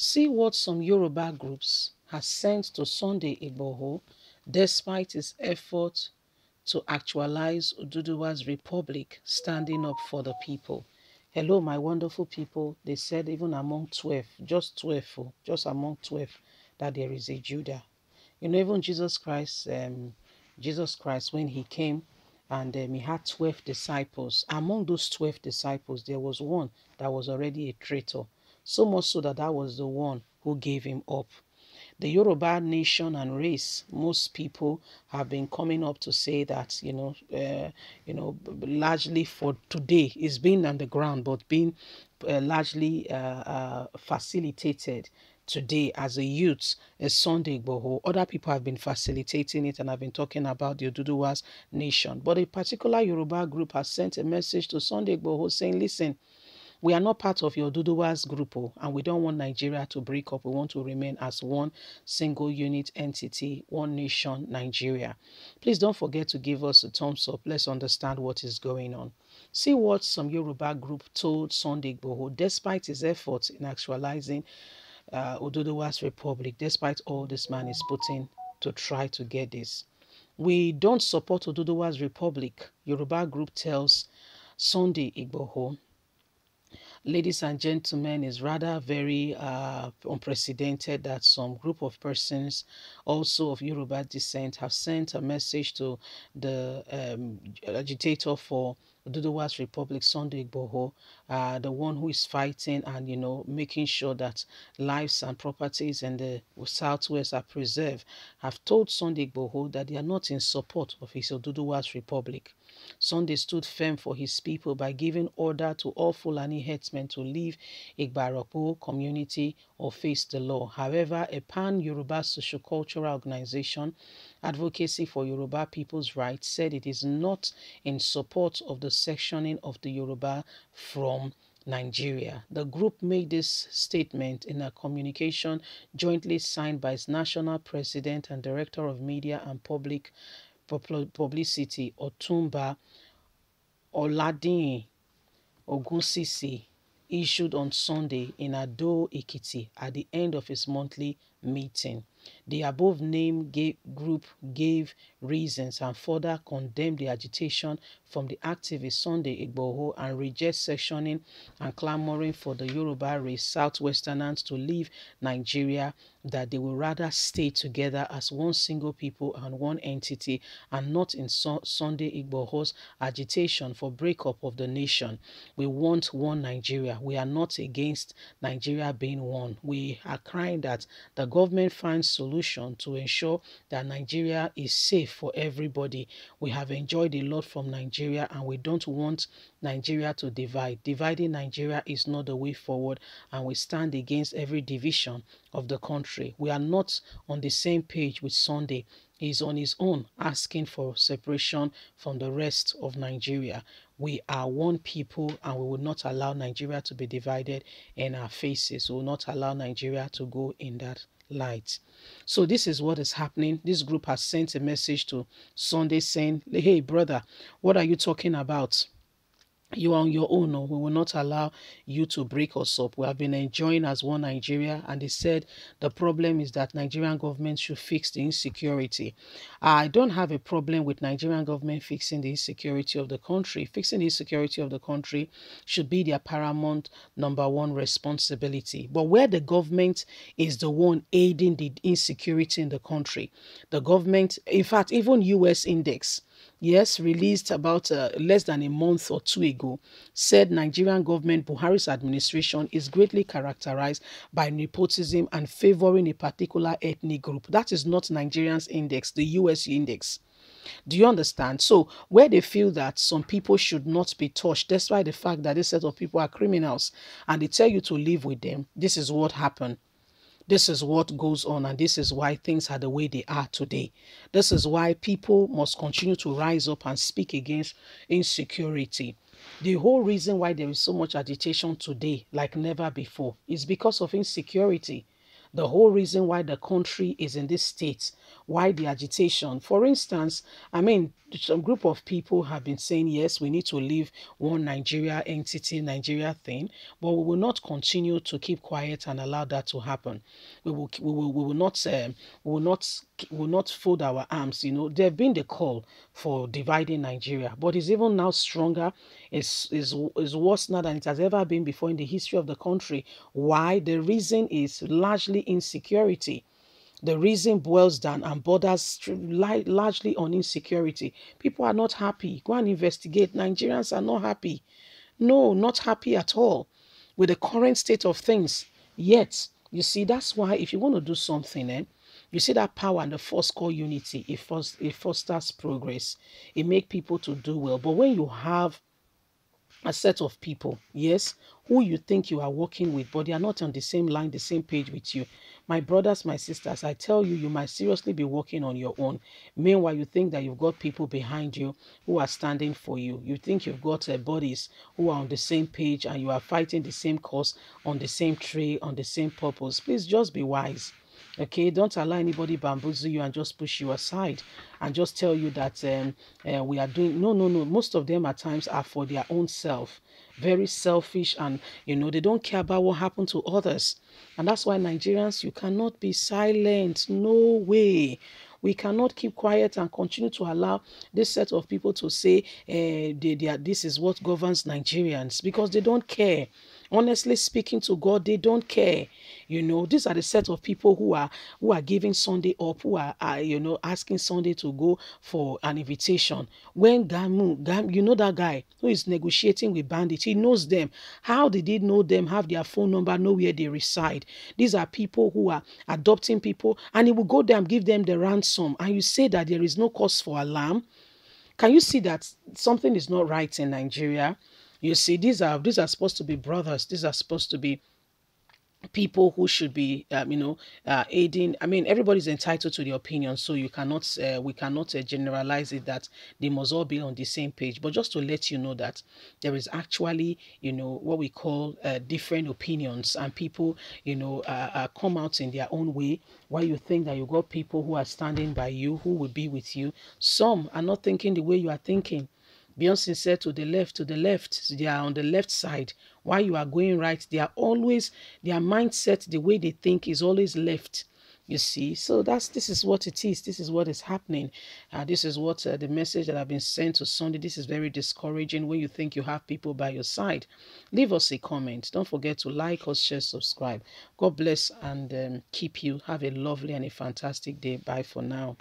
See what some Yoruba groups have sent to Sunday Igboho despite his effort to actualize Ududuwa's republic standing up for the people. Hello, my wonderful people. They said even among 12, just 12, just among 12, that there is a Judah. You know, even Jesus Christ, um, Jesus Christ, when he came and um, he had 12 disciples, among those 12 disciples, there was one that was already a traitor so much so that I was the one who gave him up. The Yoruba nation and race, most people have been coming up to say that, you know, uh, you know, largely for today, it's been on the ground, but being uh, eh, largely uh, facilitated today as a youth, a Sunday Igboho. Other people have been facilitating it and I've been talking about the Oduduwa's nation. But a particular Yoruba group has sent a message to Sunday Igboho saying, listen, we are not part of your Duduwas group, oh, and we don't want Nigeria to break up. We want to remain as one single unit entity, one nation, Nigeria. Please don't forget to give us a thumbs up. Let's understand what is going on. See what some Yoruba group told Sunday Igboho, despite his efforts in actualizing uh, Republic, despite all this man is putting to try to get this. We don't support Ududuwa's Republic, Yoruba group tells Sunday Igboho ladies and gentlemen, is rather very uh, unprecedented that some group of persons, also of Yoruba descent, have sent a message to the um, agitator for Duduwa's Republic, Sunday Igboho, uh, the one who is fighting and, you know, making sure that lives and properties in the southwest are preserved, have told Sunday Igboho that they are not in support of his Oduduwa's Republic. Sunday stood firm for his people by giving order to all Fulani herdsmen to leave Igbarapo community or face the law. However, a pan-Yoruba social cultural organization, Advocacy for Yoruba People's Rights, said it is not in support of the sectioning of the Yoruba from Nigeria. The group made this statement in a communication jointly signed by its national president and director of media and public publicity Otumba Ọ̀làdìyàn Ògúnṣìṣì issued on Sunday in Ado, Ekiti, at the end of its monthly meeting. The above-named group gave reasons and further condemned the agitation from the activist Sunday Igboho and reject sectioning and clamoring for the Yoruba race Southwesterners to leave Nigeria that they will rather stay together as one single people and one entity and not in so Sunday Igboho's agitation for breakup of the nation. We want one Nigeria. We are not against Nigeria being one. We are crying that the government finds solution to ensure that Nigeria is safe for everybody. We have enjoyed a lot from Nigeria and we don't want Nigeria to divide. Dividing Nigeria is not the way forward and we stand against every division of the country. We are not on the same page with Sunday. He is on his own asking for separation from the rest of Nigeria. We are one people and we will not allow Nigeria to be divided in our faces. We will not allow Nigeria to go in that light. So this is what is happening. This group has sent a message to Sunday saying, hey, brother, what are you talking about? you are on your own. No, we will not allow you to break us up. We have been enjoying as one Nigeria, and they said the problem is that Nigerian government should fix the insecurity. I don't have a problem with Nigerian government fixing the insecurity of the country. Fixing the insecurity of the country should be their paramount number one responsibility. But where the government is the one aiding the insecurity in the country, the government, in fact, even U.S. index yes, released about uh, less than a month or two ago, said Nigerian government Buhari's administration is greatly characterized by nepotism and favoring a particular ethnic group. That is not Nigerians index, the US index. Do you understand? So, where they feel that some people should not be touched, despite the fact that this set of people are criminals and they tell you to live with them, this is what happened. This is what goes on, and this is why things are the way they are today. This is why people must continue to rise up and speak against insecurity. The whole reason why there is so much agitation today, like never before, is because of insecurity the whole reason why the country is in this state, why the agitation. For instance, I mean, some group of people have been saying, yes, we need to leave one Nigeria entity, Nigeria thing, but we will not continue to keep quiet and allow that to happen. We will, we will, we will not, um, we will not, we will not fold our arms. You know, there have been the call for dividing Nigeria, but it's even now stronger. It's, it's, it's worse now than it has ever been before in the history of the country. Why? The reason is largely insecurity. The reason boils down and borders largely on insecurity. People are not happy. Go and investigate. Nigerians are not happy. No, not happy at all with the current state of things. Yet, you see, that's why if you want to do something, eh, you see that power and the force called unity, it, fosters, it fosters progress. It makes people to do well. But when you have a set of people, yes, who you think you are working with, but they are not on the same line, the same page with you. My brothers, my sisters, I tell you, you might seriously be working on your own. Meanwhile, you think that you've got people behind you who are standing for you. You think you've got uh, bodies who are on the same page and you are fighting the same cause, on the same tree, on the same purpose. Please just be wise. Okay, don't allow anybody bamboozle you and just push you aside and just tell you that um, uh, we are doing. No, no, no. Most of them at times are for their own self, very selfish, and you know they don't care about what happened to others. And that's why Nigerians, you cannot be silent. No way. We cannot keep quiet and continue to allow this set of people to say uh, they, they are, this is what governs Nigerians because they don't care honestly speaking to God, they don't care. You know, these are the set of people who are who are giving Sunday up, who are, are you know asking Sunday to go for an invitation. When Gamu, Gam, you know that guy who is negotiating with bandits, he knows them. How did he know them? Have their phone number? Know where they reside? These are people who are adopting people, and he will go there and give them the ransom. And you say that there is no cause for alarm. Can you see that something is not right in Nigeria? You see, these are these are supposed to be brothers. These are supposed to be people who should be um, you know uh, aiding i mean everybody's entitled to the opinion so you cannot uh, we cannot uh, generalize it that they must all be on the same page but just to let you know that there is actually you know what we call uh, different opinions and people you know uh, uh, come out in their own way Why you think that you got people who are standing by you who will be with you some are not thinking the way you are thinking Beyonce said to the left, to the left, they are on the left side. While you are going right, they are always, their mindset, the way they think is always left. You see, so that's this is what it is. This is what is happening. Uh, this is what uh, the message that I've been sent to Sunday. This is very discouraging when you think you have people by your side. Leave us a comment. Don't forget to like us, share, subscribe. God bless and um, keep you. Have a lovely and a fantastic day. Bye for now.